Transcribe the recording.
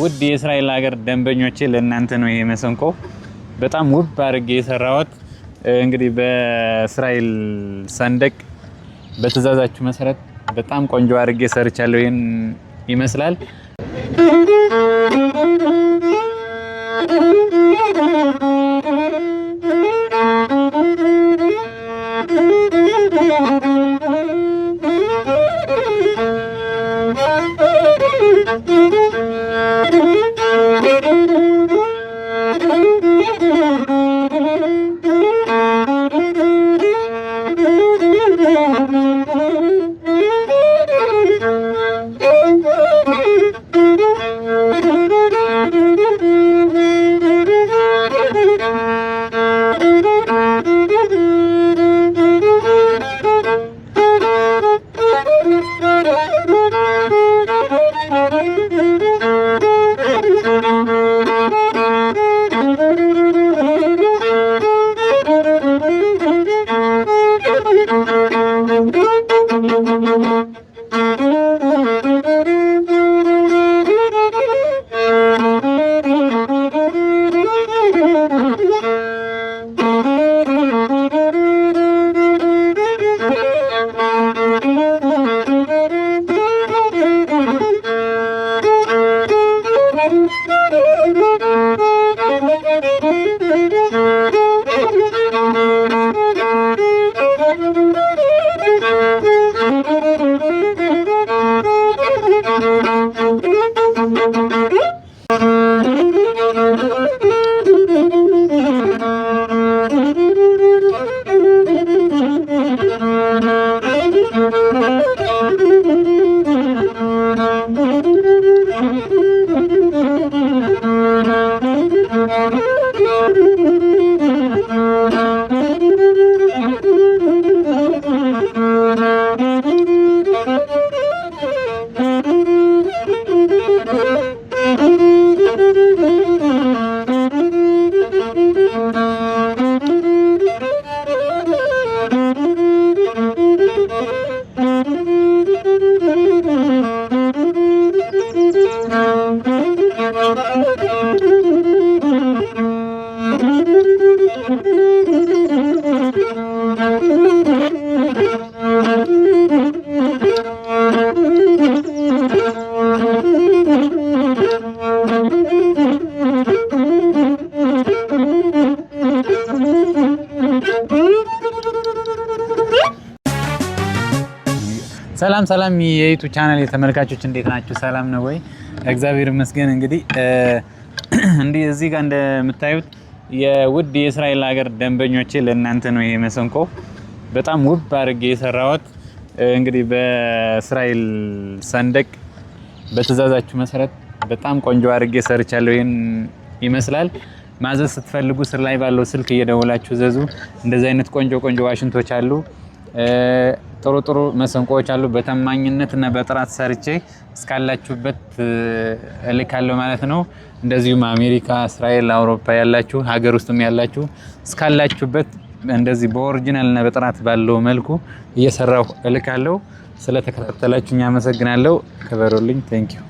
ውድ የእስራኤል ሀገር ደንበኞቼ ለእናንተ ነው ይሄ መሰንቆ በጣም ውብ አድርጌ የሰራሁት እንግዲህ በእስራኤል ሰንደቅ በትእዛዛችሁ መሰረት በጣም ቆንጆ አድርጌ ሰርቻለሁ። ይህን ይመስላል። Mm-hmm. Oh, my God. Thank you. ሰላም ሰላም የዩቱ ቻናል የተመልካቾች እንዴት ናችሁ? ሰላም ነው ወይ? እግዚአብሔር ይመስገን። እንግዲህ እንዲህ እዚህ ጋር እንደምታዩት የውድ የእስራኤል ሀገር ደንበኞቼ ለእናንተ ነው ይሄ መሰንቆ። በጣም ውብ አድርጌ የሰራሁት እንግዲህ በእስራኤል ሰንደቅ በትእዛዛችሁ መሰረት በጣም ቆንጆ አድርጌ ሰርቻለሁ። ይህን ይመስላል። ማዘዝ ስትፈልጉ ስር ላይ ባለው ስልክ እየደወላችሁ ዘዙ። እንደዚህ አይነት ቆንጆ ቆንጆ ዋሽንቶች አሉ። ጥሩ ጥሩ መሰንቆዎች አሉ። እና በጥራት ሰርቼ እስካላችሁበት እልካለሁ ማለት ነው። እንደዚሁም አሜሪካ፣ እስራኤል፣ አውሮፓ ያላችሁ ሀገር ውስጥም ያላችሁ እስካላችሁበት እንደዚህ በኦሪጂናልና በጥራት ባለው መልኩ እየሰራሁ እልካለሁ። ስለተከታተላችሁ አመሰግናለሁ። ክበሩልኝ። ቴንኪዩ